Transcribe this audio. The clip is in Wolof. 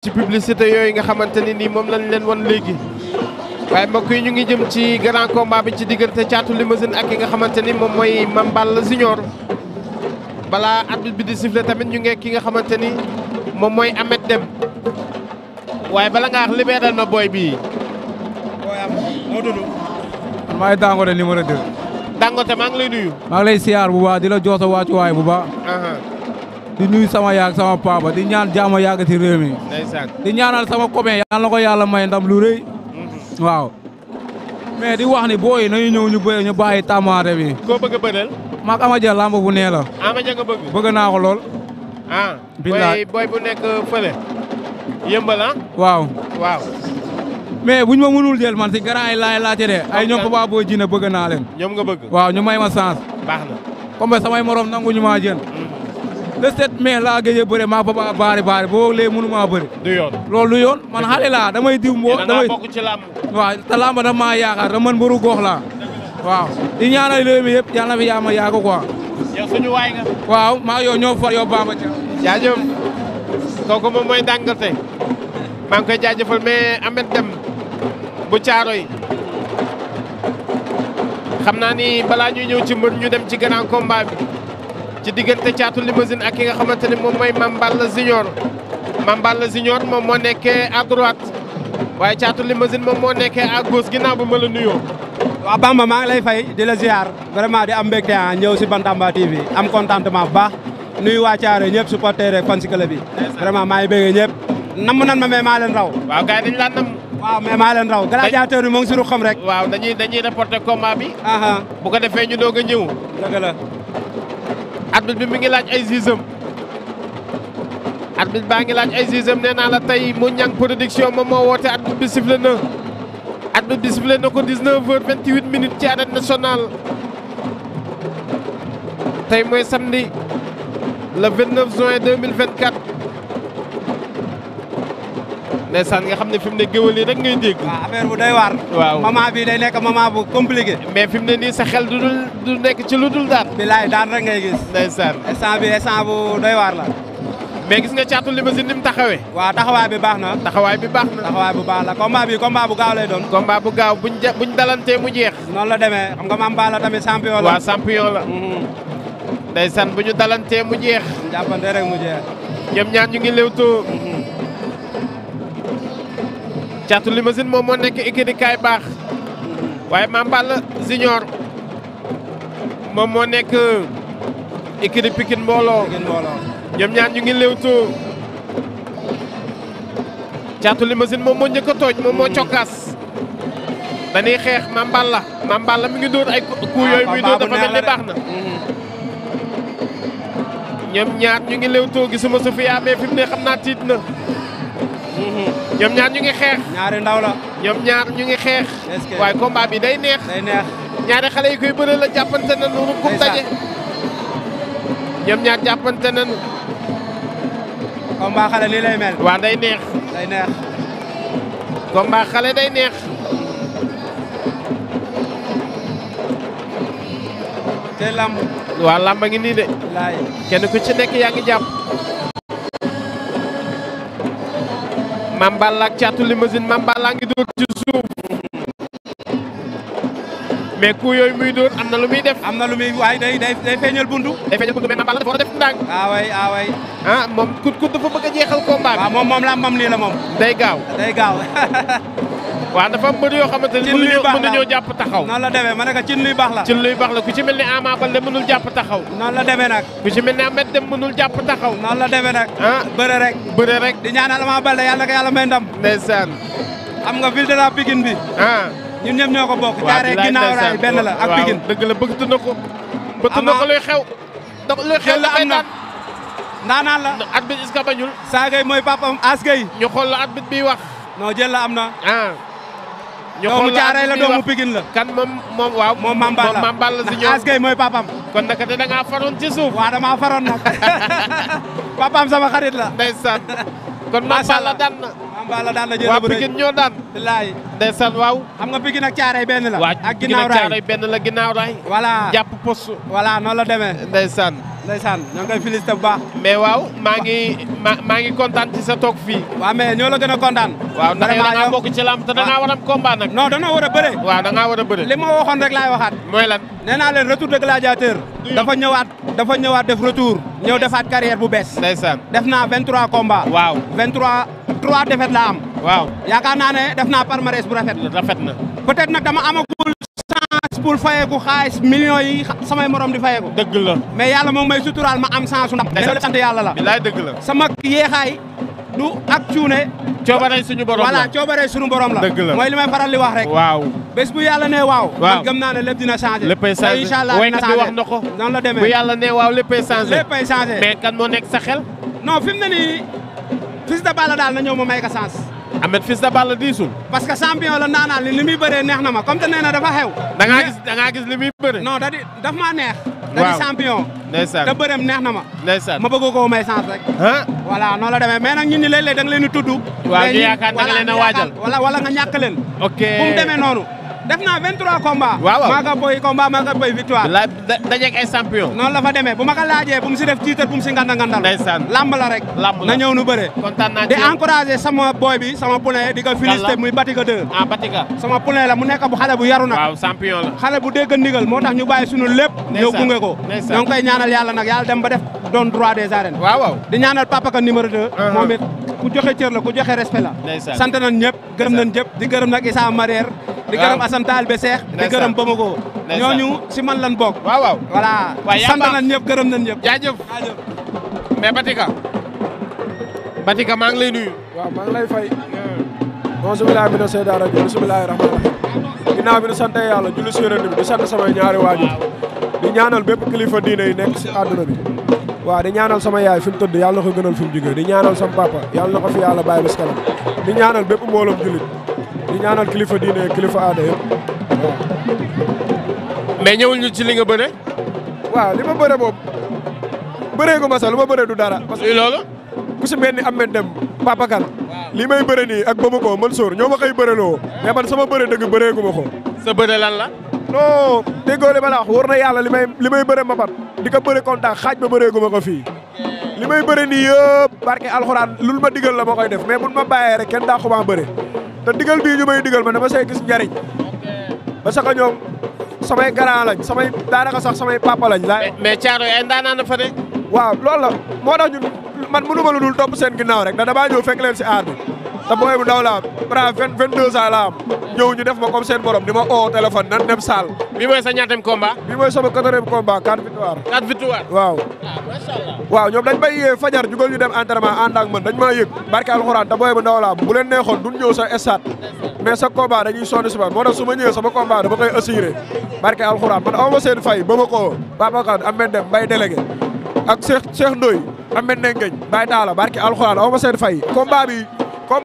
ci publicité yooyu nga xamante ni moom lañ leen wan léegi waaye mbokk yi ñu ngi jëm ci grand combat bi ci diggante caatu limousine ak yi nga xamante ni moom mooy Mame Balla Junior balaa arbitre bi di siffler tamit ñu ngi ki nga xamante ni moom mooy Amet Dem waaye bala nga wax libéral ma booy bii. booy am moo tudd. maay Dangote numéro 2. Dangote maa ngi lay nuyu. maa ngi lay siyaar bu baax di la jox sa wàccuwaay bu baax. Uh-huh. di nuyu sama yaag sama papa di ñaan jàmm yàgg ci réew mi. di ñaanal sama copain yal na ko yàlla may ndam lu rëy. Mm-hmm. waaw mais di wax ni booy nañu ñëw ñu bëre ñu bàyyi tamaate bi. koo bëgg a bëreel. maag Amadia ah, fële. yëmbal ah? waaw waaw. mais buñ ma mënul jël man si garaan laay laajte de ay ñoom Papa Boy Djiné naa leen. ñoom nga bëgg. waaw ñu may ma chance. samay morom nanguñu maa le 7 mai laa gëj a bëre maa papa baari baari boo léegi mënu maa bëri. du yoon loolu du yoon man xale laa damay diw mboo damay bokk ci làmb. waaw te maa yaakaar da man bëru goox laa waaw di ñaanal réew mi yëpp yaa ma yaago quoi. yow suñu waay nga. waaw maa yow ñoo far yow Bamba Dia. jaajëf kooku moom mooy dàngate maa ngi koy jaajëfal mais Ahmed bu caaro yi xam naa ni balaa ñuy ñëw ci mbër ñu dem ci grand combat bi. ci diggante caatu limousine ak ki nga xamante ni moom mooy Mamballa Junior Mamballa Junior moom moo nekkee à droite waaye caatu limousine moom moo nekkee à gauche ginnaaw ba ma la nuyoo. waaw ma maa ngi lay fay di la ziar vraiment di am mbégte ah ñëw si Bantamba TV am contentement bu baax nuyu waa Thiaré ñëpp supporter rek fan si club bi. vraiment maa ngi bëggee ñëpp. namm nan ma mais maa leen raw. waaw gars yi dañu laa namm. waaw mais maa leen raw gladiateur moo si ruxam rek. waaw dañuy dañuy reporté combat bi. bu ko defee ñu doog a ñëw. la. arbitre bi mi ngi laaj ay zizam arbitre baa ngi laaj ay zizam nee naa la tey mu ñang production moom moo woote arbitre bi sifflé na arbitre bi sifflé na ko 19 heures 28 minutes ci arène nationale tey mooy samedi le 29 juin 2024 ndeysaan nga xam ne fi mu ne géwël yi rek ngay dégg. waaw affaire bu doy waar. waaw moment bi day nekk moment bu compliqué. mais fi mu ne nii sa xel du dul du lu dul daan. bilaay daan rek ngay gis. ndeysaan instant bi instant bu doy la. mais gis nga caatu limousine ni mu taxawee. waaw taxawaay bi baax na. taxawaay bi baax na. taxawaay bu baax la combat bi combat bu gaaw lay doon. combat bu gaaw buñ ja buñ dalantee mu jeex. noonu la demee xam nga maam Ba la tamit champion la. waaw champion la. Mhm. ndeysaan bu ñu dalantee mu jeex. jàppante rek mu jeex. ñoom ñaar ñu ngi Caatu Limousine moom moo nekk écurie Kaay Baax waaye Mame Balla moom moo nekk écurie Pikine Mbooloo ñoom ñaar ñu ngi léewtoo Caatu Limousine moom moo njëkk a tooj moom moo cokkaas dañuy xeex Mame Balla Mame mi ngi dóor ay coup muy dóor dafa mel baax na ñoom ñaar ñu ngi léewtoo gisuma Sofia mais fi na mm-hmm. ñoom ñaar ñu ngi xeex. ñaari ndaw la. ñoom ñaar ñu ngi xeex. waaye combat day neex. day neex ñaari xale yi koy bëre la jàppante na nu kum daje. ñoom ñaar jàppante nañu. combat xale lii lay mel. waaw day neex. day neex. xale day neex. te lamb. waa lamb ngi nii de. laay kenn ku ci nekk yaa ngi jàpp. Mame Balla ak Thiatou Limousine Mame ngi dóor ci suuf mais ku yooyu muy dóor am na lu muy def. am na lu muy waaye day day feeñal buntu. day feeñal buntu mais Mame Balla dafa a def ndànk. ah waay ah, ah moom kut kut dafa bëgg a jeexal combat bi. moom la am moom nii la moom. day gaaw day gaaw. waaw dafa am mbër yoo xamante ni mënuñoo jàpp taxaw noonu la demee ma ne ko cin luy baax la cin luy baax la ku ci mel ni Ama Baldé mënul jàpp taxaw noonu la demee nag ku ci mel ni Ahmed Dem mënul jàpp taxaw noonu la demee nag ah. bëre rek bëre rek di ñaanal Ama Baldé yàlla na ko yàlla may ndam ndeysaan xam nga ville de la Pikine bi ah ñun ñëpp ñoo ko bokk jaaree ginnaaw raay benn la ak Pikine dëgg la bëgg na ko bëgg na ko luy xew da luy xew la am na ndaanaan la at bi is ka bañul saagay mooy papam asgay ñu xool la at bi wax non jël la am na ah. ñu doomu Caaroy la doomu Pikine la. kan moom moom waaw moom Mame Balla moom Mame Balla si ñoom askay mooy papam kon naka te da ngaa faroon ci suuf. waaw damaa faroon nag papam sama xarit la. ndeysaan kon Mame Balla daan na. Mame Balla daan na jël waa Pikine ñoo daan. bilaay ndeysaan waaw. xam nga Pikine ak Caaroy benn la. ak ginnaaw raay Pikine ak Caaroy benn la ginnaaw raay. voilà jàpp poste. voilà noonu la demee ndeysaan ndeysaan ñoo ngi koy félicité bu baax. mais waaw maa ngi maa ngi kontaan ci sa toog fii. waaw mais ñoo la a kontaan. waaw ndax yow da ngaa bokk ci lamb te da ngaa war a am combat nag. non da ngaa war a bëre. waaw da ngaa war a bëre. li ma waxoon rek laay waxaat. nee naa leen retour de gladiateur. dafa ñëwaat dafa ñëwaat def retour. ñëw defaat carrière bu def naa 23 combats. waaw 23 3 défaites la am. waaw yaakaar naa ne def naa palmarès bu rafet. rafet na peut-être nag dama amagul. pour fayeeku xaalis millions yi samay morom di fayeeku dëgg la mais yàlla moom may suturaal ma am chance ndax loolu sant yàlla la bilaay dëgg la sama yeexaay du ak cuune coobare suñu borom la voilà coobare suñu borom la dëgg mooy li may faral di wax rek waaw bu yàlla ne waaw man gëm naa ne lépp dina changé léppay changé incha allah dina changé wax na ko la demee bu yàlla ne waaw léppay changé léppay changé mais kan moo nekk sa xel noo fi mu ne nii fils de Balla daal na ñëw ma may ka chance Ahmed Fils Balla diisul. parce que champion la naanaan li li muy neex na ma comme te nee na dafa xew. da ngaa gis da ngaa gis li muy bëree. non da di daf maa neex. da di champion. neex na ma. ndeysaan ma bëgg koo may chance rek. voilà noonu la demee mais nag ñun ñi léeg-léeg da nga leen di tudd. waaw ñu yaakaar da nga leen waajal wala wala nga ñàkk leen. ok bu noonu. def na 23 combats. waaw waaw maa nga victoire. la dajeeg la fa demee bu ma ko laajee bu mu si def tiitar bu si nganda ngandal. lamb la rek. na ñëw nu bëre. di encouragé sama boy bi sama poulain di ko félicité muy Batika 2. ah Batika. sama poulain la mu nekk bu xale bu yaru nag. waaw la. xale bu dégg ndigal moo tax ñu bàyyi sunu lépp. ñëw gunge ko. ndeysaan ñoo ngi koy ñaanal nag yàlla dem ba def doon droit des arènes. di ñaanal papa ka numéro 2. Uh-huh. moom joxe cër la ku joxe respect la. sant nañ ñëpp gërëm nañ ñëpp di di gërëm Assane Taal be Seex di gërëm Bamako ñooñu si man lan bok waaw waaw voilà sant nañ ñëpp gërëm nañ ñëpp jaajëf mais Batika Batika maa ngi lay nuyu waaw maa ngi lay fay bonjour bilahi mina seyda rajo bismillahi rahmani rahim ginnaaw bi nu sante yàlla julli si yonent bi di sant samay ñaari waajur di ñaanal bépp kilifa diine yi nekk si àdduna bi di ñaanal sama yaay fi mu tëdd yàlla na ko gënal fi mu jógee di ñaanal sama papa yàlla na fi yàlla bàyyi bis kanam di ñaanal bépp mbooloom jullit ñi ñaanal kilifa diine kilifa aada yëpp waaw. mais ñëwul ñu ci li nga bëre. waaw li ma bëre boobu bëree gu ma sax lu ma bëree du dara. parce que loolu. ku si mel ni Ahmed Deme li may bëre nii ak Bamako Mansour ñoo ma koy bëreloo mais man sama bëre dëgg bëree gu ma ko. sa bëre lan la. non déggoo li ma la wax na yàlla li may li may bëre ma bat di ko bëre kontaan xaaj ba bëree gu ma fii. li may bëre nii yëpp barke alxuraan lu ma digal la ma koy def mais buñ ma bàyyee rek kenn daa ko maa bëre te digal bii ñu may digal ma dama see gis njariñ parce que ñoom samay grand lañ samay daanaka sax samay papa lañ. la mais Thiaro ay ndaanaan na fa de. waaw loolu la moo tax ñun ma mënu ma lu dul topp seen ginnaaw rek da damaa ñëw fekk leen si aar bi. te booy bu ndaw laa ñëw ñu def ma comme seen borom di ma oo téléphone nan dem saal. bi mooy sa ñaatem combat. bi mooy sama quatrième combat quatre victoire. quatre victoire waaw. Ah, waaw ñoom dañ may yee fajar jugal ñu dem entraînement ànd ak man dañ maa yëg barke alxuraan te booy bu ndaw neexoon duñ ñëw sa stade mais sa combat dañuy sonn si man moo tax ma ñëwee sama combat dama koy assuré barke alxuraan man aw ma seen fay ba ma ko Papa Kane Ahmed Dem Mbaye délégué